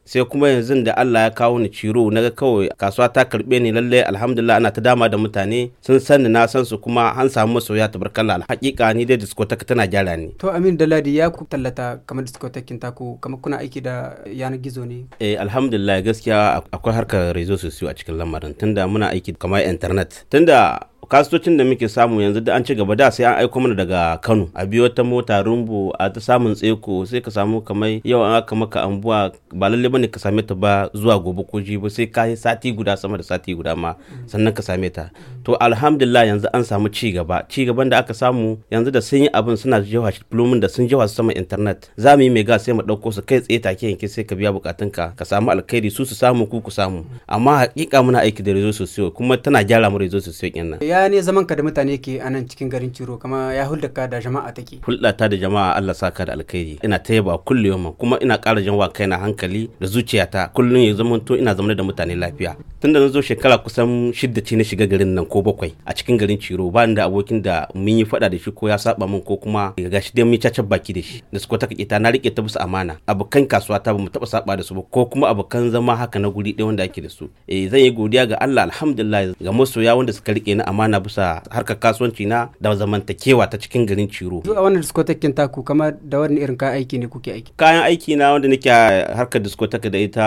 sai kuma yanzu da Allah ya kawo ni ciro na ga kawai kasuwa ta karbe ni lalle alhamdulillah ana ta dama da mutane sun san na san su kuma an samu masoya tabarkalla hakika ni dai discotheque tana gyara ni to amin Ladi ya ku tallata kamar discotheque ta ku kamar kuna aiki da yanar gizo ne eh alhamdulillah gaskiya akwai harkar rezo sosai a cikin lamarin tunda muna aiki kamar internet tunda kasitocin da muke samu yanzu da an ci gaba da sai an aiko mana daga kano a biyo ta mota rumbu a ta samun tseko sai ka samu kamar yau an aka maka ambuwa ba lalle bane ka same ta ba zuwa gobe ko jibi sai ka sati guda sama da sati guda ma sannan ka same ta to alhamdulillah yanzu an samu ci gaba ci gaban da aka samu yanzu da sun yi abin suna jewa shi da sun jewa su sama internet za mu yi mega sai mu ɗauko su kai tsaye take yanke sai ka biya bukatunka ka samu alkhairi su su samu ku ku samu amma hakika muna aiki da rezo sosai kuma tana gyara mu rezo sosai kenan ya ne zaman ka da mutane ke a nan cikin garin Ciro kama ya hulɗa ka da jama'a take hulɗa ta da jama'a Allah saka da alkhairi ina ta yaba kullu yamma kuma ina ƙara jan wa kaina hankali da zuciyata kullum ya zama to ina zama da mutane lafiya tunda na zo shekara kusan shidda ce na shiga garin nan ko bakwai a cikin garin Ciro ba da abokin da mun yi faɗa da shi ko ya saba min ko kuma ga shi dai mun caca baki da shi da su ko ta na rike ta bisa amana abokan kasuwa ta mu taba saba da su ba ko kuma abokan zama haka na guri ɗaya wanda ake da su eh zan yi godiya ga Allah alhamdulillah ga masoya wanda suka rike ni amana na bisa harkar kasuwanci na da zamantakewa ta cikin garin Ciro. Zuwa wannan diskotekin taku kamar da wani irin kayan aiki ne kuke aiki? Kayan aiki na wanda nake harkar diskoteka da ita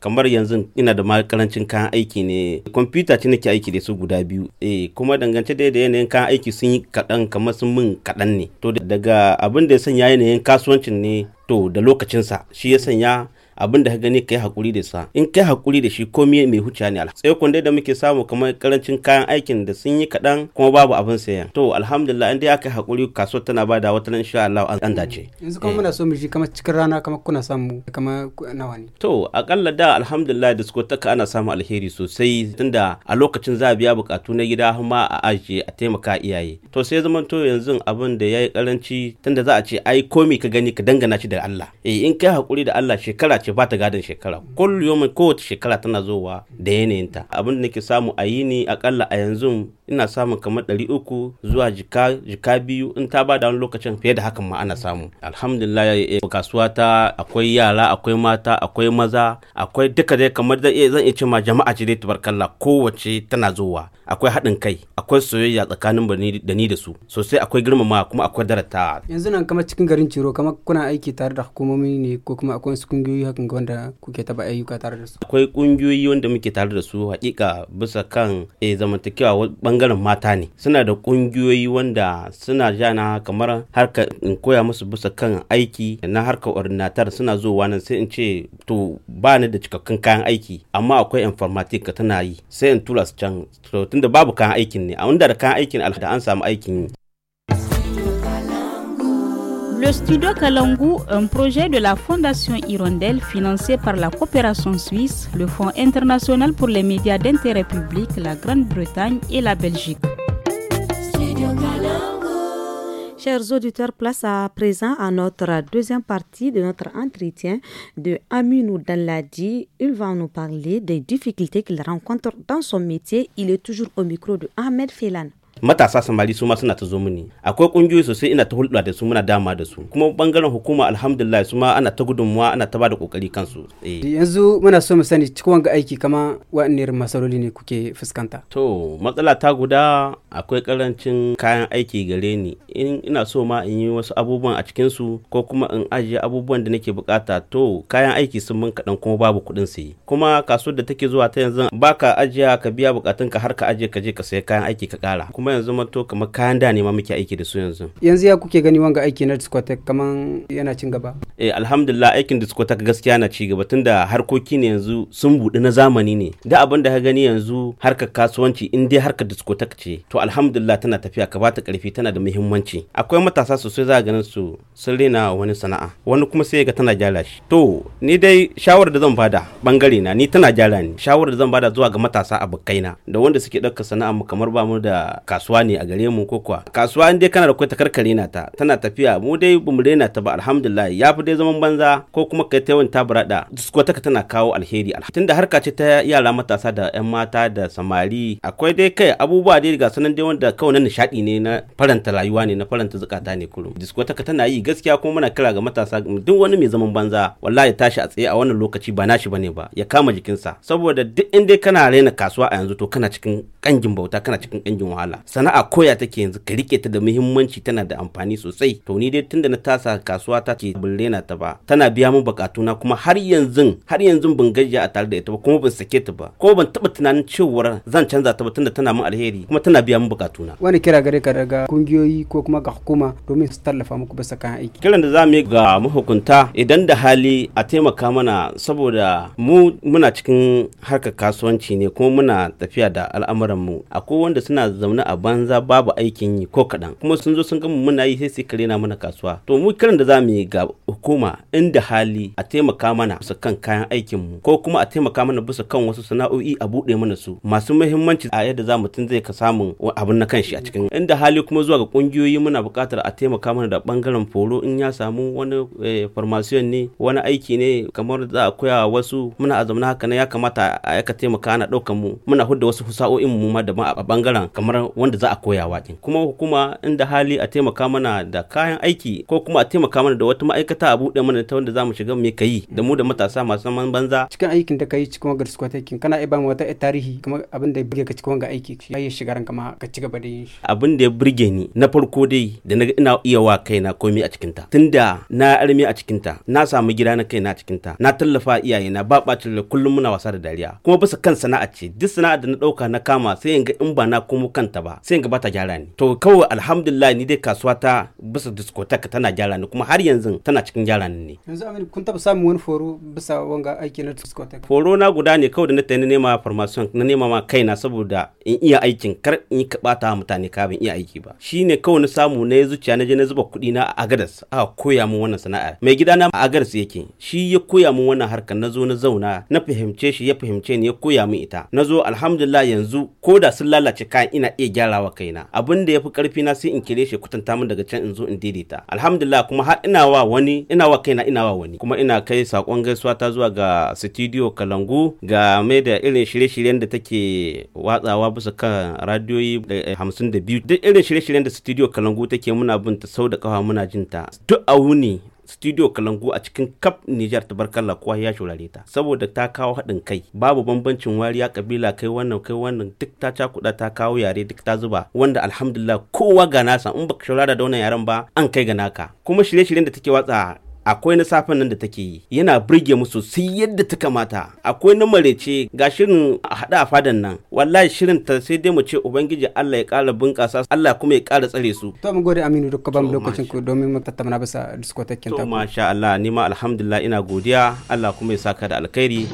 kamar yanzu ina da makarancin kayan aiki ne. Kwamfuta ce nake aiki da su guda biyu. Eh kuma dangance da yanayin kayan aiki sun yi kaɗan kamar sun min kaɗan ne. To daga abin da ya sanya yanayin kasuwancin ne to da lokacinsa shi ya sanya abin da ka gani ka yi hakuri da sa in kai hakuri da shi komai mai huce ne sai kun dai da muke samu kamar karancin kayan aikin da sun yi kaɗan kuma babu abin sayan to alhamdulillah inda aka yi hakuri kaso tana ba da wata insha Allah an dace yanzu kuma muna eh. so mu ji kamar cikin rana kamar kuna samu kamar nawa ne to akalla da alhamdulillah diskoteka ana samu alheri sosai tunda a lokacin za a biya bukatu na gida kuma a ajiye a taimaka iyaye to sai zaman to yanzu abin da yayi karanci tunda za a ce ai komai ka gani ka dangana shi da Allah eh in kai hakuri da Allah shekara ce ce ba ta gadon shekara kullum kowace shekara tana zowa da yanayinta abin da nake samu a yini akalla a yanzu ina samun kamar ɗari uku zuwa jika jika biyu in ta ba da wani lokacin fiye da hakan ma ana samu alhamdulillah kasuwa ta akwai yara akwai mata akwai maza akwai duka dai kamar zan iya ce ma jama'a ce dai tabarkalla kowace tana zowa akwai haɗin kai akwai soyayya tsakanin da ni da su sosai akwai girmama kuma akwai darata yanzu nan kamar cikin garin ciro kamar kuna aiki tare da hukumomi ne ko kuma akwai wasu kungiyoyi hakan wanda kuke taba ayyuka tare da su akwai kungiyoyi wanda muke tare da su hakika bisa kan eh, zamantakewa bangaren mata ne suna da kungiyoyi wanda suna jana kamar harka in koya musu bisa kan aiki na harka ordinatar suna zuwa nan sai in ce to ba ni da cikakkun kayan aiki amma akwai informatic ka tana yi sai in tura su can tunda babu kayan aikin ne a wanda da kayan aikin da an samu aikin yi Le studio Kalangu, un projet de la Fondation Hirondelle financé par la coopération suisse, le Fonds international pour les médias d'intérêt public, la Grande-Bretagne et la Belgique. Chers auditeurs, place à présent à notre deuxième partie de notre entretien de Aminou Danladi. Il va nous parler des difficultés qu'il rencontre dans son métier. Il est toujours au micro de Ahmed Félan. matasa samari su ma suna ta zo mini akwai kungiyoyi sosai ina ta hulɗa da su muna dama da su kuma bangaren hukuma alhamdulillah su ma ana ta gudunmuwa ana ta bada kokari kansu eh. Eh, yanzu muna so mu sani cikin wanga aiki kama wa'anne irin masaloli ne kuke fuskanta to matsala ta guda akwai karancin kayan aiki gare ni in ina so ma in yi wasu abubuwan a cikin su ko kuma in ajiye abubuwan da nake bukata to kayan aiki sun mun kaɗan kuma babu kuɗin sayi kuma kasuwar da take zuwa ta yanzu baka ajiya ka biya bukatunka har ka ajiye ka je ka sayi kayan aiki ka kara. kuma kamar yanzu mato kamar kayan da ne ma muke aiki da su yanzu yanzu ya kuke gani wanga aiki na discotheque kaman yana cin gaba eh alhamdulillah aikin discotheque gaskiya na ci gaba tunda harkoki ne yanzu sun bude na zamani ne da abin da ka gani yanzu harkar kasuwanci in dai harkar discotheque ce to alhamdulillah tana tafiya ka bata karfi tana da muhimmanci akwai matasa sosai za ganin su sun rena wani sana'a wani kuma sai ga tana jala shi to ni dai shawarar da zan bada bangare na ni tana jala ni shawarar da zan bada zuwa ga matasa abokaina da wanda suke ɗaukar sana'a mu kamar ba mu da kasuwa ne a gare mu ko kasuwa in dai kana da ta karkare na ta tana tafiya mu dai ba mu rena ta ba alhamdulillah ya fi dai zaman banza ko kuma kai ta yawan tabarada ta tana kawo alheri tunda harka ce ta yara matasa da yan mata da samari akwai dai kai abubuwa dai ga sanan dai wanda kawai na nishadi ne na faranta rayuwa ne na faranta zukata ne kullum diskotaka tana yi gaskiya kuma muna kira ga matasa duk wani mai zaman banza wallahi ya tashi a tsaye a wannan lokaci ba nashi bane ba ya kama jikinsa saboda duk in dai kana rena kasuwa a yanzu to kana cikin kangin bauta kana cikin kangin wahala sana'a koya take yanzu ka rike ta da muhimmanci tana da amfani sosai to ni dai tunda na tasa kasuwa ta ce bin rena ta ba tana biya min bukatuna kuma har yanzu har yanzu ban gajiya a tare da ita ba kuma ban sake ta ba ko ban taba tunanin cewa zan canza ta ba tunda tana min alheri kuma tana biya min bukatuna wani kira gare ka daga kungiyoyi ko kuma ga hukuma domin su tallafa muku bisa kan aiki kiran da za mu yi ga mahukunta idan da hali a taimaka mana saboda mu muna cikin harkar kasuwanci ne kuma muna tafiya da al'amuran mu akwai wanda suna zaune a banza babu aikin yi ko kaɗan kuma sun zo sun gama muna yi sai su na mana kasuwa to mu kiran da za mu yi ga hukuma inda hali a taimaka mana bisa kan kayan aikin mu ko kuma a taimaka mana bisa kan wasu sana'o'i a buɗe mana su masu muhimmanci a yadda za mutum zai ka samun abin na kanshi a cikin inda hali kuma zuwa ga kungiyoyi muna buƙatar a taimaka mana da bangaren foro in ya samu wani eh, farmasiyon ne wani aiki ne kamar za a koya wasu muna a haka ne ya kamata a yaka taimaka ana ɗaukan mu muna hudda wasu husa'o'in mu ma daban a bangaren kamar wanda za a koya din kuma hukuma inda hali a taimaka mana da kayan aiki ko kuma a taimaka mana da wata ma'aikata a buɗe mana ta wanda za mu shiga mu kayi da mu da matasa masu zaman banza cikin aikin da kai cikin wagar suka taikin kana iya bamu wata tarihi kuma abin da ya burge ka cikin wanga aiki ya yi shiga ranka ma ka ci gaba da yin shi abin da ya burge ni na farko dai da na ina iya wa kaina komai a cikin ta tunda na armi a cikin ta na samu gida na kaina a cikin ta na tallafa iyayena ba bacin kullum muna wasa da dariya kuma bisa kan sana'a ce duk sana'a da na dauka na kama sai in ga in ba na komo kanta ba ba sai in gaba ta gyara ni to kawai alhamdulillah ni dai kasuwa ta bisa discotheque tana gyara ni kuma har yanzu tana cikin gyara ni ne yanzu amin kun taba samun wani foro bisa wanga aiki na discotheque foro na guda ne kawai da na tayi nema formation na nema ma kaina saboda in iya aikin kar in yi bata mutane kafin iya aiki ba shine kawai na samu na zuciya na je na zuba kuɗi na a agadas a koya min wannan sana'ar mai gida na a agadas yake shi ya koya min wannan harkar na zo na zauna na fahimce shi ya fahimce ni ya koya min ita na zo alhamdulillah yanzu ko da sun lalace kayan ina iya wa kaina abin da yafi karfi na sai in kire shi kutanta min daga can in zo in daidaita alhamdulillah kuma har ina wa wani ina wa kaina ina wa wani kuma ina kai sakon gaisuwa ta zuwa ga studio Kalangu ga mai da irin shirye-shiryen da take watsawa bisa kan radiyoyi eh, hamsin da biyu duk irin shirye-shiryen da studio Kalangu take muna bin ta sau da kawa muna jin ta duk a wuni studio kalangu a cikin kap ta tabarkalla kowa ya shurare ta saboda ta kawo haɗin kai babu bambancin wariya kabila kai wannan kai wannan duk ta cakuɗa ta kawo yare duk ta zuba wanda alhamdulillah kowa ga nasa in baka shaurara da wannan yaren ba an kai ga naka kuma shirye-shiryen da take watsa akwai na safen nan da take yi yana burge musu sai yadda ta kamata akwai na marece ga shirin a hada a fadan nan wallahi shirin ta sai dai mu ce ubangiji Allah ya kara bunƙasa Allah kuma ya kara tsare su to mu gode Aminu duk ba lokacin ku domin mu tattauna bisa discotheque ta to masha Allah ni ma alhamdulillah ina godiya Allah kuma ya saka da alkhairi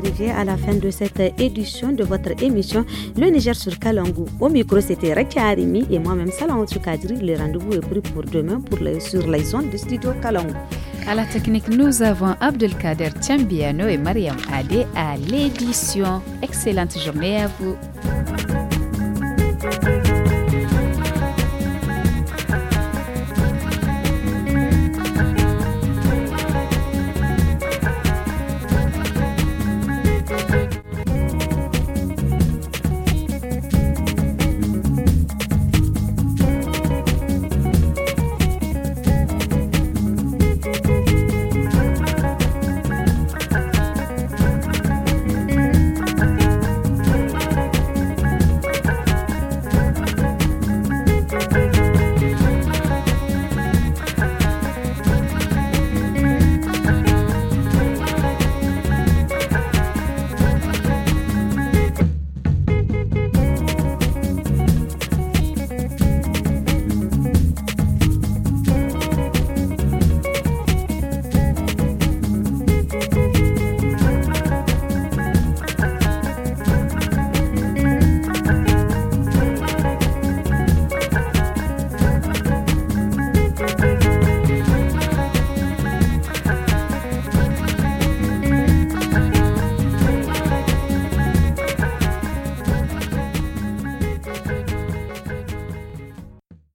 arrivés à la fin de cette édition de votre émission Le Niger sur Kalangou. Au micro, c'était Rekia Arimi et moi-même Salam Kadri. Le rendez-vous est pris pour demain pour sur les zones du studio Kalangou. À la technique, nous avons Abdelkader Tchambiano et Mariam Adé à l'édition. Excellente journée à vous.